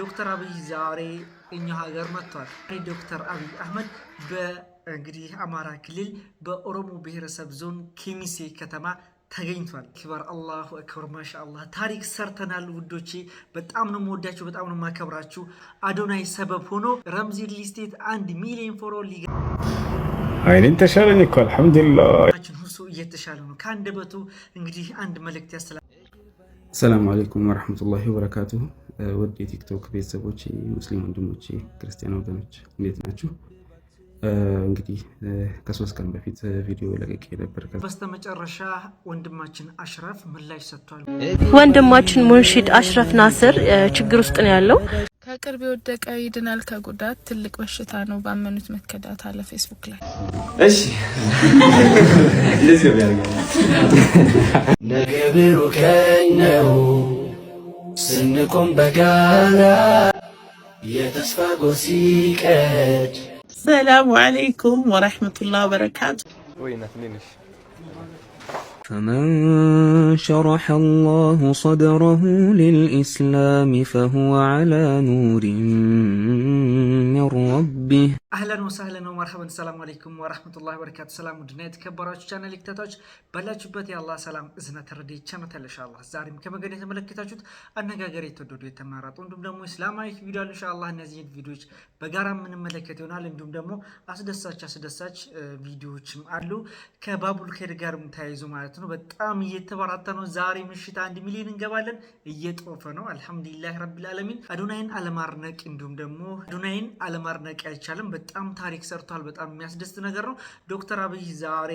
ዶክተር አብይ ዛሬ እኛ ሀገር መጥቷል። ዶክተር አብይ አህመድ በእንግዲህ አማራ ክልል በኦሮሞ ብሔረሰብ ዞን ኬሚሴ ከተማ ተገኝቷል። ክበር አላሁ አክበር። ማሻ ታሪክ ሰርተናል ውዶቼ። በጣም ነው መወዳችሁ፣ በጣም ነው ማከብራችሁ። አዶናይ ሰበብ ሆኖ ረምዚ ሊስቴት አንድ ሚሊዮን ፎሮ ሊገ አይኔን ተሻለኝ እኮ አልሐምዱሊላህ። ሁሱ እየተሻለ ነው። ከአንድ በቱ እንግዲህ አንድ መልእክት ያስተላል። ሰላም አለይኩም ወረሕመቱላሂ ወበረካቱሁ ውድ የቲክቶክ ቤተሰቦች፣ ሙስሊም ወንድሞች ክርስቲያን ወገኖች እንዴት ናችሁ? እንግዲህ ከሶስት ቀን በፊት ቪዲዮ ለቅቄ ነበር። በስተመጨረሻ ወንድማችን አሽረፍ ምላሽ ሰጥቷል። ወንድማችን ሙንሺድ አሽረፍ ናስር ችግር ውስጥ ነው ያለው። ከቅርብ የወደቀ ይድናል ከጉዳት ትልቅ በሽታ ነው ባመኑት መከዳት አለ ፌስቡክ ላይ። እሺ ነገ ብሩክ ነው ስንቆም በጋራ የተስፋ ጎህ ሲቀድ። ሰላሙ አለይኩም ወረሕመቱላህ በረካቱ። فمن شرح الله صدره للإسلام فهو على نور من ربه አህለን ወሳህለን ወመርሐበን ሰላም አለይኩም ወራህመቱላሂ ወበረካቱ። ሰላም ውድና የተከበራችሁ ቻናል ተከታታዮች ባላችሁበት የአላህ ሰላም እዝነት ረድኤት ቸርነት ኢንሻአላህ ዛሬም ከመገድ የተመለከታችሁት አነጋገር የተወደዱ የተመረጡ እንዲሁም ደግሞ እስላማዊ ቪዲዮ አለ ኢንሻአላህ እነዚህን ቪዲዮዎች በጋራ የምንመለከት ይሆናል። እንዲሁም ደግሞ አስደሳች አስደሳች ቪዲዮዎችም አሉ ከባቡል ኸይር ጋርም ተያይዞ ማለት ነው። ነው። በጣም እየተበራታ ነው። ዛሬ ምሽት አንድ ሚሊዮን እንገባለን። እየጦፈ ነው። አልሐምዱሊላህ ረብል ዓለሚን። አዶናይን አለማድነቅ እንዲሁም ደግሞ አዶናይን አለማርነቅ አይቻልም። በጣም ታሪክ ሰርቷል። በጣም የሚያስደስት ነገር ነው። ዶክተር አብይ ዛሬ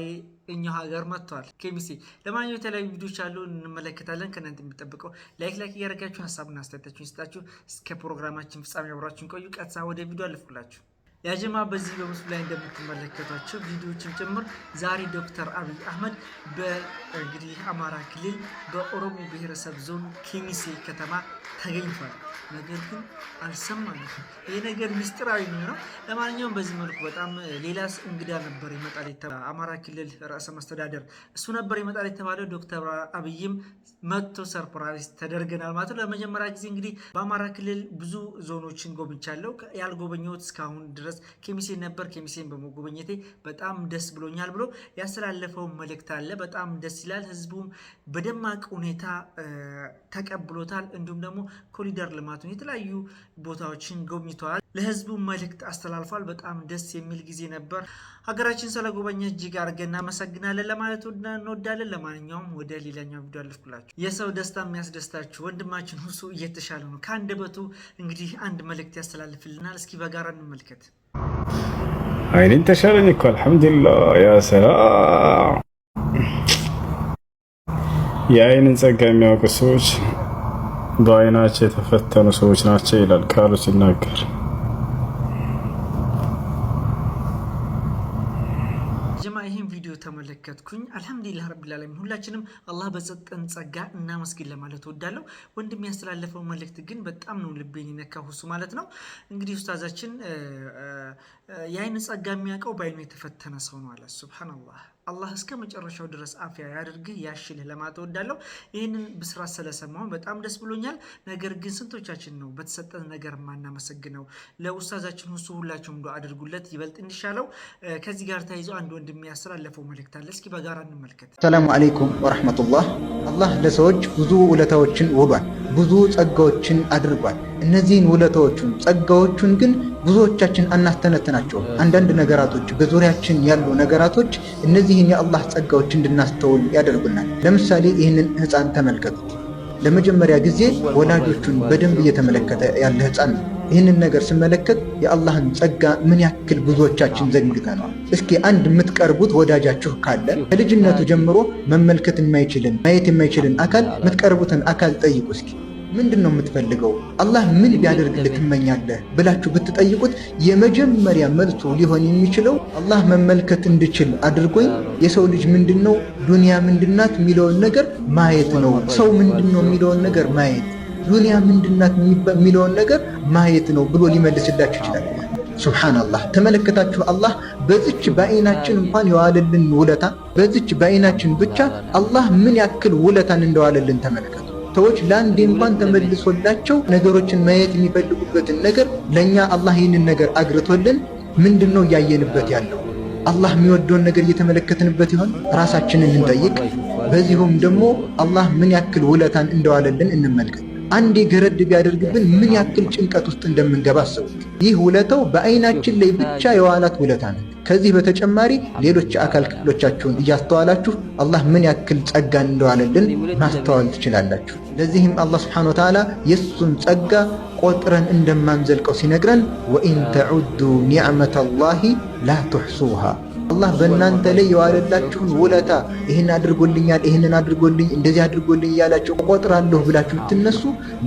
እኛ ሀገር መጥተዋል። ኬሚሴ ለማንኛውም የተለያዩ ቪዲዮች አሉ እንመለከታለን። ከእናንተ የሚጠብቀው ላይክ ላይክ እያደረጋችሁ ሀሳብና አስተያየታችሁን ይስጣችሁ። እስከ ፕሮግራማችን ፍጻሜ አብራችሁን ቆዩ። ቀጥታ ወደ ቪዲዮ አልፉላችሁ። ያጀማ በዚህ በምስሉ ላይ እንደምትመለከቷቸው ቪዲዮችን ጭምር ዛሬ ዶክተር አብይ አህመድ በእንግዲህ አማራ ክልል በኦሮሞ ብሔረሰብ ዞን ኬሚሴ ከተማ ተገኝቷል። ነገር ግን አልሰማንም። ይህ ነገር ምስጢራዊ ነው። ለማንኛውም በዚህ መልኩ በጣም ሌላስ እንግዳ ነበር ይመጣል አማራ ክልል ርዕሰ መስተዳደር እሱ ነበር ይመጣል የተባለው። ዶክተር አብይም መጥቶ ሰርፕራይዝ ተደርገናል ማለት ነው። ለመጀመሪያ ጊዜ እንግዲህ በአማራ ክልል ብዙ ዞኖችን ጎብኝቻለሁ። ያልጎበኘሁት እስካሁን ድረስ ኬሚሴን ነበር። ኬሚሴን በመጎበኘቴ በጣም ደስ ብሎኛል ብሎ ያስተላለፈው መልእክት አለ። በጣም ደስ ይላል። ህዝቡም በደማቅ ሁኔታ ተቀብሎታል። እንዲሁም ደግሞ ኮሪደር ሽልማቱን የተለያዩ ቦታዎችን ጎብኝተዋል። ለህዝቡ መልእክት አስተላልፏል። በጣም ደስ የሚል ጊዜ ነበር። ሀገራችን ስለጎበኘ እጅግ አድርገን እናመሰግናለን ለማለት እንወዳለን። ለማንኛውም ወደ ሌላኛው ቪዲዮ አልፍኩላቸው የሰው ደስታ የሚያስደስታችሁ ወንድማችን ሁሱ እየተሻለ ነው። ከአንደበቱ እንግዲህ አንድ መልእክት ያስተላልፍልናል። እስኪ በጋራ እንመልከት። አይኔን ተሻለኝ እኮ አልሐምዱሊላህ። ያ ሰላም የአይንን ጸጋ የሚያውቁ ሰዎች በአይናቸው የተፈተኑ ሰዎች ናቸው ይላል ቃሉ ሲናገር። ጀማ ይህን ቪዲዮ ተመለከትኩኝ። አልሐምዱሊላህ ረቢል ዓለሚን ሁላችንም አላህ በሰጠን ጸጋ እናመስግን ለማለት ወዳለው ወንድም ያስተላለፈው መልእክት ግን በጣም ነው ልቤን የነካ ሁሱ ማለት ነው። እንግዲህ ኡስታዛችን የአይን ጸጋ የሚያውቀው በአይኑ የተፈተነ ሰው ነው አለ። ሱብሃነላህ አላህ እስከ መጨረሻው ድረስ አፍያ ያድርግህ ያሽልህ ለማለት እወዳለሁ። ይህንን ብስራት ስለሰማሁን በጣም ደስ ብሎኛል። ነገር ግን ስንቶቻችን ነው በተሰጠን ነገር ማናመሰግነው? ለኡስታዛችን ሁሱ ሁላችሁም እንዶ አድርጉለት ይበልጥ እንዲሻለው። ከዚህ ጋር ተያይዞ አንድ ወንድም ያስተላለፈው መልእክት አለ። እስኪ በጋራ እንመልከት። ሰላሙ አለይኩም ወረሕመቱላህ። አላህ ለሰዎች ብዙ ውለታዎችን ውሏል፣ ብዙ ጸጋዎችን አድርጓል። እነዚህን ውለታዎቹን ጸጋዎቹን ግን ብዙዎቻችን አናስተነትናቸውም። አንዳንድ ነገራቶች በዙሪያችን ያሉ ነገራቶች እነዚህን የአላህ ጸጋዎች እንድናስተውል ያደርጉናል። ለምሳሌ ይህንን ህፃን ተመልከቱት። ለመጀመሪያ ጊዜ ወላጆቹን በደንብ እየተመለከተ ያለ ህፃን ነው። ይህንን ነገር ስመለከት የአላህን ጸጋ ምን ያክል ብዙዎቻችን ዘንግተነዋል። እስኪ አንድ የምትቀርቡት ወዳጃችሁ ካለ ከልጅነቱ ጀምሮ መመልከት የማይችልን ማየት የማይችልን አካል የምትቀርቡትን አካል ጠይቁ እስኪ ምንድን ነው የምትፈልገው? አላህ ምን ቢያደርግልህ ትመኛለህ ብላችሁ ብትጠይቁት የመጀመሪያ መልሶ ሊሆን የሚችለው አላህ መመልከት እንድችል አድርጎኝ የሰው ልጅ ምንድን ነው ዱንያ ምንድናት የሚለውን ነገር ማየት ነው። ሰው ምንድን ነው የሚለውን ነገር ማየት፣ ዱንያ ምንድናት የሚለውን ነገር ማየት ነው ብሎ ሊመልስላችሁ ይችላል። ሱብሓነላህ ተመለከታችሁ። አላህ በዚች በአይናችን እንኳን የዋለልን ውለታ በዚች በአይናችን ብቻ አላህ ምን ያክል ውለታን እንደዋለልን ተመለከቱ። ሰዎች ለአንዴ እንኳን ተመልሶላቸው ነገሮችን ማየት የሚፈልጉበትን ነገር ለእኛ አላህ ይህንን ነገር አግርቶልን ምንድን ነው እያየንበት ያለው? አላህ የሚወደውን ነገር እየተመለከትንበት ይሆን? ራሳችንን እንጠይቅ። በዚሁም ደግሞ አላህ ምን ያክል ውለታን እንደዋለልን እንመልከት። አንዴ ገረድ ቢያደርግብን ምን ያክል ጭንቀት ውስጥ እንደምንገባ አስቡ። ይህ ውለታው በአይናችን ላይ ብቻ የዋላት ውለታ ነው። ከዚህ በተጨማሪ ሌሎች የአካል ክፍሎቻችሁን እያስተዋላችሁ አላህ ምን ያክል ጸጋ እንደዋለልን ማስተዋል ትችላላችሁ። ለዚህም አላህ ስብሓነ ወተዓላ የእሱን ጸጋ ቆጥረን እንደማንዘልቀው ሲነግረን ወኢን ተዑዱ ኒዕመተ አላሂ ላ ትሕሱሃ አላህ በእናንተ ላይ የዋለላችሁን ውለታ ይህን አድርጎልኛል፣ ይህንን አድርጎልኝ፣ እንደዚህ አድርጎልኝ እያላችሁ ቆጥራለሁ ብላችሁ ብትነሱ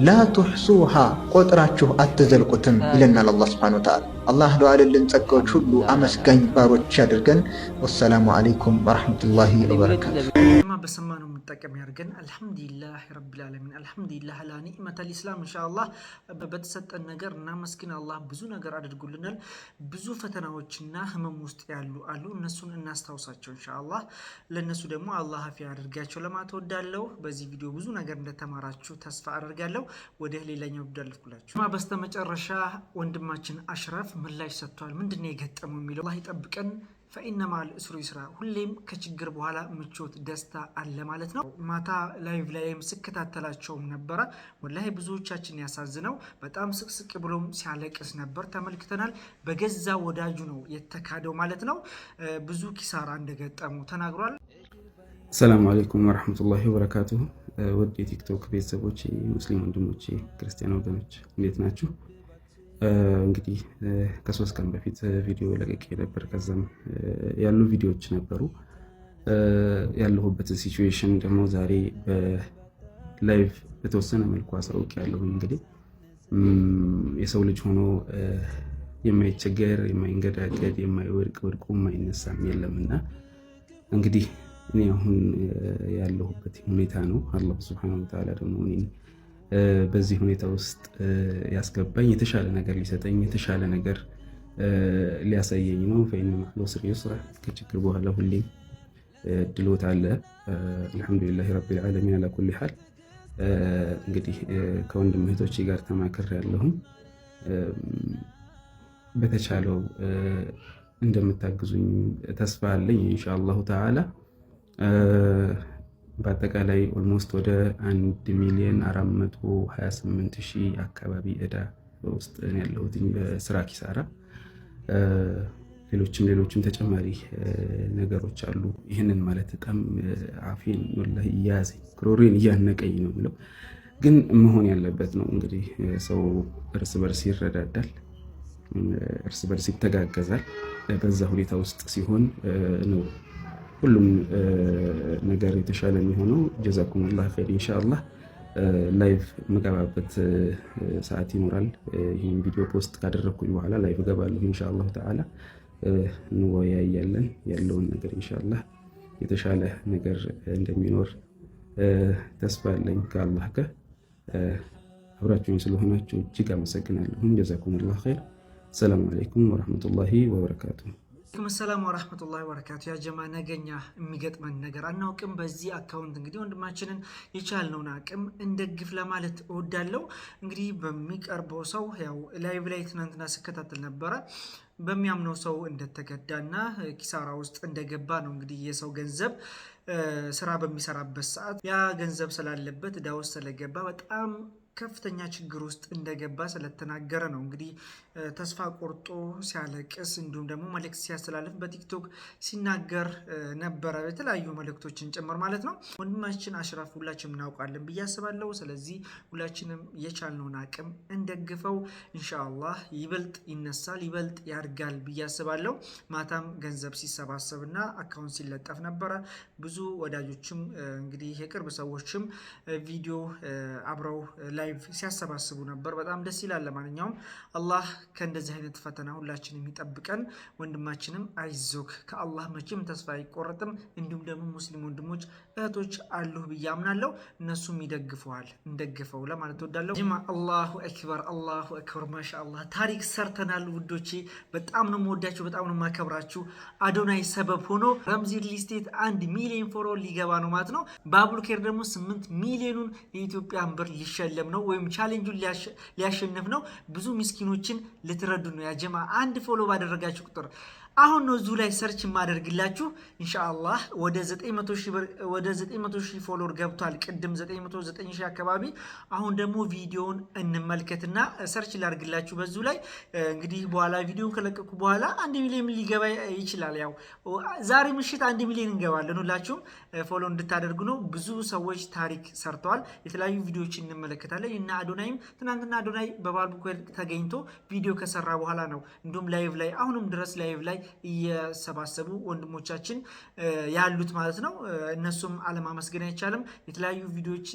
ላ ቱሕሱሃ ቆጥራችሁ አትዘልቁትም ይለናል አላህ ሱብሓነሁ ወተዓላ። አላህ ለዋለልን ጸጋዎች ሁሉ አመስጋኝ ባሮች ያድርገን። ወሰላሙ አለይኩም ወረሕመቱላሂ ወበረካቱ። በሰማ ነው የምንጠቀም ያድርገን። አልሐምዱሊላህ ረብል ዓለሚን አልሐምዱሊላህ ላ ኒዕመተ ልኢስላም። ኢንሻአላህ በተሰጠን ነገር እናመስግን። አላህ ብዙ ነገር አድርጎልናል። ብዙ ፈተናዎችና ህመም ውስጥ ያሉ አሉ። እነሱን እናስታውሳቸው ኢንሻአላህ። ለእነሱ ደግሞ አላህ አፊያ አድርጋቸው ለማለት እወዳለሁ። በዚህ ቪዲዮ ብዙ ነገር እንደተማራችሁ ተስፋ አደርጋለሁ። ወደ ሌላኛው ዳለፍኩላችሁ። በስተመጨረሻ ወንድማችን አሽረፍ ምላሽ ሰጥቷል። ምንድን ነው የገጠመው የሚለው አላህ ይጠብቀን። ፈኢነማ ልእስሩ ይስራ። ሁሌም ከችግር በኋላ ምቾት፣ ደስታ አለ ማለት ነው። ማታ ላይቭ ላይም ስከታተላቸውም ነበረ። ወላሂ ብዙዎቻችን ያሳዝነው በጣም ስቅስቅ ብሎም ሲያለቅስ ነበር ተመልክተናል። በገዛ ወዳጁ ነው የተካደው ማለት ነው። ብዙ ኪሳራ እንደገጠሙ ተናግሯል። ሰላም አለይኩም ወረሕመቱላሂ ወበረካቱሁ። ውድ የቲክቶክ ቤተሰቦቼ፣ ሙስሊም ወንድሞቼ፣ ክርስቲያን ወገኖች እንዴት ናችሁ? እንግዲህ ከሶስት ቀን በፊት ቪዲዮ ለቅቄ ነበር። ከዛም ያሉ ቪዲዮዎች ነበሩ። ያለሁበትን ሲቹዌሽን ደግሞ ዛሬ በላይቭ በተወሰነ መልኩ አሳውቅ ያለሁ እንግዲህ የሰው ልጅ ሆኖ የማይቸገር የማይንገዳገድ፣ የማይወድቅ ወድቆ የማይነሳም የለምና እንግዲህ እኔ አሁን ያለሁበት ሁኔታ ነው። አላሁ ስብሐነሁ ወተዓላ ደግሞ በዚህ ሁኔታ ውስጥ ያስገባኝ የተሻለ ነገር ሊሰጠኝ የተሻለ ነገር ሊያሳየኝ ነው። ፈይነ ዑስሪ ዩስራ ከችግር በኋላ ሁሌም ድሎት አለ። አልሐምዱሊላህ ረቢል ዓለሚን አላ ኩሊ ሓል። እንግዲህ ከወንድም እህቶች ጋር ተማክር ያለሁም በተቻለው እንደምታግዙኝ ተስፋ አለኝ ኢንሻ አላሁ ተዓላ በአጠቃላይ ኦልሞስት ወደ 1 ሚሊዮን 428 ሺህ አካባቢ እዳ ውስጥ ያለሁት በስራ ኪሳራ፣ ሌሎችም ሌሎችም ተጨማሪ ነገሮች አሉ። ይህንን ማለት በጣም አፌን ወላሂ እያያዘኝ ክሮሬን እያነቀኝ ነው የሚለው። ግን መሆን ያለበት ነው። እንግዲህ ሰው እርስ በርስ ይረዳዳል፣ እርስ በርስ ይተጋገዛል። በዛ ሁኔታ ውስጥ ሲሆን ነው ሁሉም ነገር የተሻለ የሚሆነው ጀዛኩም አላህ ኸይር። ኢንሻአላህ ላይቭ መገባበት ሰዓት ይኖራል። ይህን ቪዲዮ ፖስት ካደረግኩኝ በኋላ ላይቭ እገባለሁ። እንሻላሁ ተዓላ እንወያያለን ያለውን ነገር ኢንሻአላህ የተሻለ ነገር እንደሚኖር ተስፋ አለኝ ከአላህ ጋር። አብራችሁኝ ስለሆናችሁ እጅግ አመሰግናለሁ ጀዛኩም አላህ ኸይር። ሰላም አለይኩም ወረሕመቱላሂ ወበረካቱ። አለይኩም ሰላም ወራህመቱላሂ ወበረካቱ። ያ ጀማ ነገኛ የሚገጥመን ነገር አናውቅም። በዚህ አካውንት እንግዲህ ወንድማችንን የቻልነውን አቅም እንደግፍ ለማለት እወዳለሁ። እንግዲህ በሚቀርበው ሰው ያው ላይቭ ላይ ትናንትና ስከታተል ነበረ በሚያምነው ሰው እንደተገዳና ኪሳራ ውስጥ እንደገባ ነው እንግዲህ የሰው ገንዘብ ስራ በሚሰራበት ሰዓት ያ ገንዘብ ስላለበት እዳ ውስጥ ስለገባ በጣም ከፍተኛ ችግር ውስጥ እንደገባ ስለተናገረ ነው። እንግዲህ ተስፋ ቆርጦ ሲያለቅስ እንዲሁም ደግሞ መልእክት ሲያስተላልፍ በቲክቶክ ሲናገር ነበረ፣ የተለያዩ መልእክቶችን ጭምር ማለት ነው። ወንድማችን አሽራፍ ሁላችንም እናውቃለን ብዬ አስባለሁ። ስለዚህ ሁላችንም የቻልነውን አቅም እንደግፈው። እንሻአላህ ይበልጥ ይነሳል፣ ይበልጥ ያድጋል ብዬ አስባለሁ። ማታም ገንዘብ ሲሰባሰብና አካውንት ሲለጠፍ ነበረ። ብዙ ወዳጆችም እንግዲህ የቅርብ ሰዎችም ቪዲዮ አብረው ላይ ላይቭ ሲያሰባስቡ ነበር። በጣም ደስ ይላል። ለማንኛውም አላህ ከእንደዚህ አይነት ፈተና ሁላችን የሚጠብቀን። ወንድማችንም አይዞክ፣ ከአላህ መቼም ተስፋ አይቆረጥም። እንዲሁም ደግሞ ሙስሊም ወንድሞች እህቶች አሉህ ብዬ አምናለሁ። እነሱም ይደግፈዋል፣ እንደግፈው ለማለት እወዳለሁ። አላሁ አክበር፣ አላሁ አክበር። ማሻአላህ ታሪክ ሰርተናል ውዶቼ። በጣም ነው የምወዳችሁ፣ በጣም ነው ማከብራችሁ። አዶናይ ሰበብ ሆኖ ረምዚ ሪል አንድ ሚሊዮን ፎሎ ሊገባ ነው ማለት ነው። በአቡልኬር ደግሞ ስምንት ሚሊዮኑን የኢትዮጵያን ብር ሊሸለም ነው። ነው ወይም ቻሌንጁን ሊያሸንፍ ነው። ብዙ ምስኪኖችን ልትረዱ ነው። ያጀማ አንድ ፎሎ ባደረጋችሁ ቁጥር አሁን ነው እዚሁ ላይ ሰርች የማደርግላችሁ ኢንሻአላህ። ወደ 900 ሺህ ፎሎወር ገብቷል፣ ቅድም 909 ሺህ አካባቢ። አሁን ደግሞ ቪዲዮውን እንመልከትና ሰርች ላድርግላችሁ በዚሁ ላይ እንግዲህ። በኋላ ቪዲዮውን ከለቀኩ በኋላ አንድ ሚሊዮን ሊገባ ይችላል። ያው ዛሬ ምሽት አንድ ሚሊዮን እንገባለን። ሁላችሁም ፎሎ እንድታደርጉ ነው። ብዙ ሰዎች ታሪክ ሰርተዋል። የተለያዩ ቪዲዮዎች እንመለከታለን እና አዶናይም ትናንትና አዶናይ በባርብኮ ተገኝቶ ቪዲዮ ከሰራ በኋላ ነው እንዲሁም ላይቭ ላይ አሁንም ድረስ ላይቭ ላይ እየሰባሰቡ ወንድሞቻችን ያሉት ማለት ነው። እነሱም አለማመስገን አይቻልም። የተለያዩ ቪዲዮዎች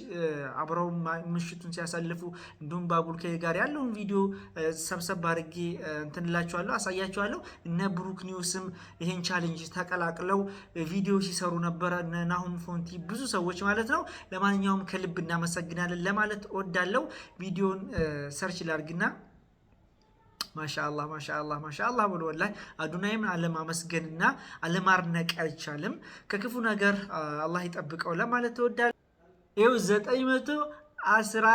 አብረው ምሽቱን ሲያሳልፉ እንዲሁም ባቡልከ ጋር ያለውን ቪዲዮ ሰብሰብ አድርጌ እንትንላችኋለሁ፣ አሳያችኋለሁ። እነ ብሩክ ኒውስም ይሄን ቻሌንጅ ተቀላቅለው ቪዲዮ ሲሰሩ ነበረ። ናሁም ፎንቲ ብዙ ሰዎች ማለት ነው። ለማንኛውም ከልብ እናመሰግናለን ለማለት እወዳለሁ። ቪዲዮን ሰርች ላርግና ማሻአላ ማሻአላ ማሻአላ ብሎ ወላሂ አዱናይም አለማመስገንና አለማርነቅ አይቻልም። ከክፉ ነገር አላህ ይጠብቀው ለማለት ተወዳል። ይኸው ዘጠኝ መቶ አስራ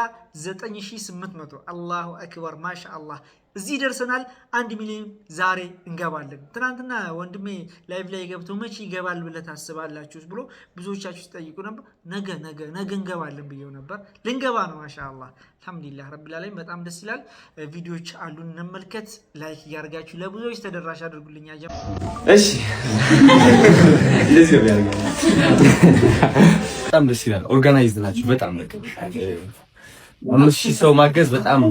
ዘጠኝ ሺህ ስምንት መቶ አላሁ አክበር ማሻአላ እዚህ ደርሰናል። አንድ ሚሊዮን ዛሬ እንገባለን። ትናንትና ወንድሜ ላይቭ ላይ ገብቶ መቼ ይገባል ብለህ ታስባላችሁ ብሎ ብዙዎቻችሁ ሲጠይቁ ነበር። ነገ ነገ ነገ እንገባለን ብየው ነበር። ልንገባ ነው። ማሻአላ አልሐምዱሊላህ ረብል ዓለሚን በጣም ደስ ይላል። ቪዲዮዎች አሉን እንመልከት። ላይክ እያደርጋችሁ ለብዙዎች ተደራሽ አድርጉልኝ። ጀ እሺ በጣም ደስ ይላል። ኦርጋናይዝድ ናችሁ በጣም አምስት ሺህ ሰው ማገዝ በጣም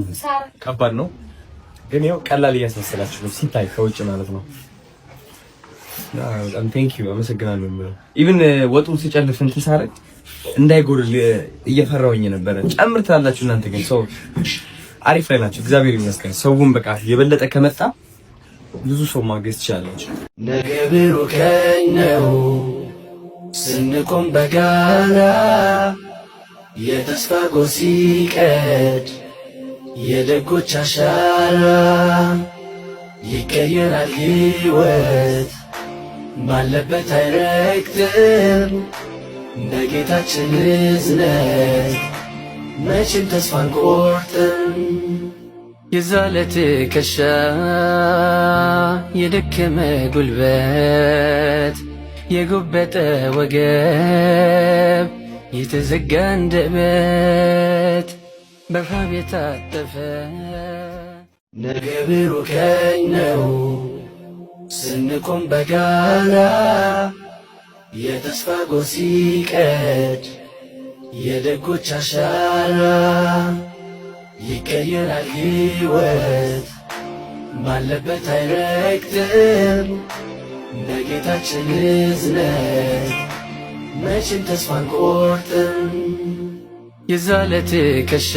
ከባድ ነው። ግን ያው ቀላል እያስመሰላችሁ ነው ሲታይ ከውጭ ማለት ነው። በጣም ዩ አመሰግናለሁ። ኢቭን uh, ወጡን ሲጨልፍ እንትን ሳረግ እንዳይጎድል እየፈራሁኝ ነበረ። ጨምር ትላላችሁ እናንተ ግን ሰው አሪፍ ላይ ናቸው። እግዚአብሔር ይመስገን። ሰውን በቃ የበለጠ ከመጣ ብዙ ሰው ማገዝ ትችላላችሁ። ነገ ብሩህ ነው ስንቆም በጋራ የተስፋ ጎህ ሲቀድ የደጎች አሻራ ይቀየራል ሕይወት ባለበት አይረግጥም በጌታችን እዝነት መቼም ተስፋ አንቆርጥም። የዛለ ትከሻ የደከመ ጉልበት የጎበጠ ወገብ የተዘጋ አንደበት በፋም የታጠፈ ነገ ብሩህ ነው ስንቆም በጋራ የተስፋ ጎህ ሲቀድ የደጎች አሻራ ይቀየራል ሕይወት ባለበት አይረግጥም በጌታችን እዝነት መቼም ተስፋ አንቆርጥም። የዛለ ትከሻ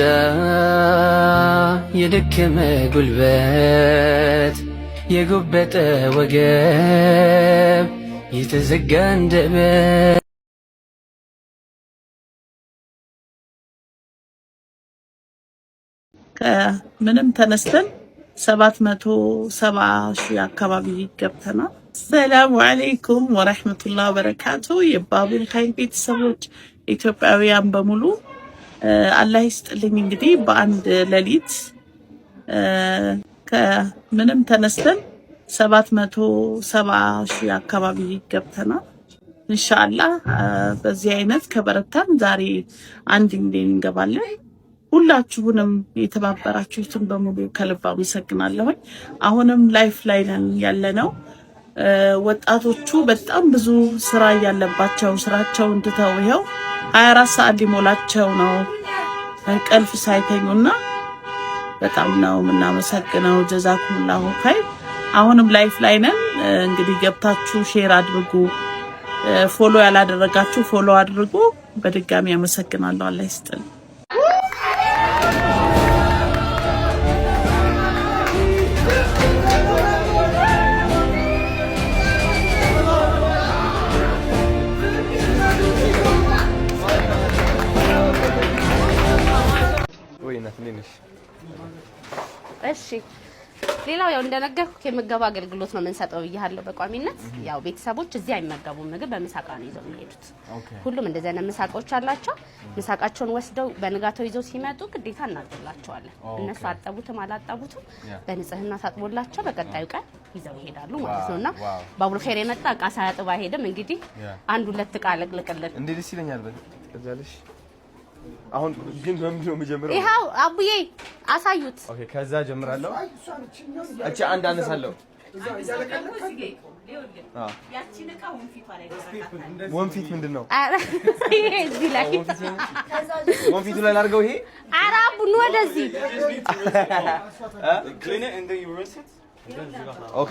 የደከመ ጉልበት የጎበጠ ወገብ የተዘጋ አንደበት ከምንም ተነስተን ሰባት መቶ ሰባ ሺ አካባቢ ገብተናል። ሰላሙ አሌይኩም ወረሕመቱላህ በረካቱ የባቡል ኸይር ቤተሰቦች ኢትዮጵያውያን በሙሉ አላህ ይስጥልኝ። እንግዲህ በአንድ ሌሊት ከምንም ተነስተን ሰባት መቶ ሰባ ሺህ አካባቢ ገብተናል። ኢንሻአላህ በዚህ አይነት ከበረታን ዛሬ አንድ ሚሊዮን እንገባለን። ሁላችሁንም የተባበራችሁትን በሙሉ ከልብ አመሰግናለሁኝ። አሁንም ላይፍ ላይ ነን ያለነው ወጣቶቹ በጣም ብዙ ስራ እያለባቸው ስራቸውን ትተው ይኸው 24 ሰዓት ሊሞላቸው ነው እንቅልፍ ሳይተኙና በጣም ነው የምናመሰግነው። ጀዛኩሙላሁ ኸይር። አሁንም ላይፍ ላይ ነን። እንግዲህ ገብታችሁ ሼር አድርጉ። ፎሎ ያላደረጋችሁ ፎሎ አድርጉ። በድጋሚ አመሰግናለሁ። አላህ ይስጥልኝ። እሺ ሌላው ያው እንደነገርኩ የምገባ አገልግሎት ነው የምንሰጠው ብያለሁ። በቋሚነት ያው ቤተሰቦች እዚህ አይመገቡም፣ ምግብ በምሳቃ ነው ይዘው የሚሄዱት። ሁሉም እንደዚህ አይነት ምሳቃዎች አላቸው። ምሳቃቸውን ወስደው በንጋተው ይዘው ሲመጡ ግዴታ እናጥብላቸዋለን። እነሱ አጠቡትም አላጠቡትም በንጽህና ታጥቦላቸው በቀጣዩ ቀን ይዘው ይሄዳሉ ማለት ነው። እና ባቡል ኸይር የመጣ እቃ ሳያጥብ አይሄድም። እንግዲህ አንድ ሁለት እቃ እንዴ ደስ ይለኛል። አሁን ግን በምንድን ነው የምጀምረው? ይኸው አቡዬ አሳዩት። ኦኬ፣ ከዛ ጀምራለሁ። እቺ አንድ አነሳለሁ። ወንፊት ምንድን ነው? ወንፊቱ ላይ ላድርገው። ይሄ ኧረ አቡን ወደዚህ ኦኬ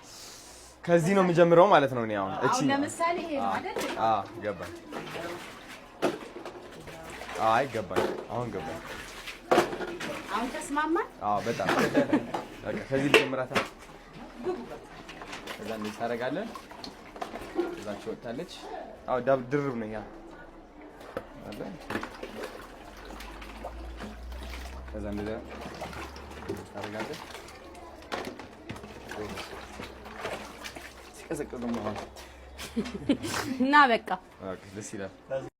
ከዚህ ነው የምጀምረው ማለት ነው። እኔ አሁን እቺ ለምሳሌ ይሄ አይደል? አዎ ገባኝ። አይ ገባኝ። አሁን ገባኝ። አሁን ተስማማ? አዎ በጣም በቃ ከዚህ ልጀምራታ። ከዛ እንደዚህ ታደርጋለህ። እዛች ወጣለች። አዎ ዳብ ድርብ ነው ያ አለ። ከዛ እንደዚህ ታደርጋለህ ezek Na, Ok,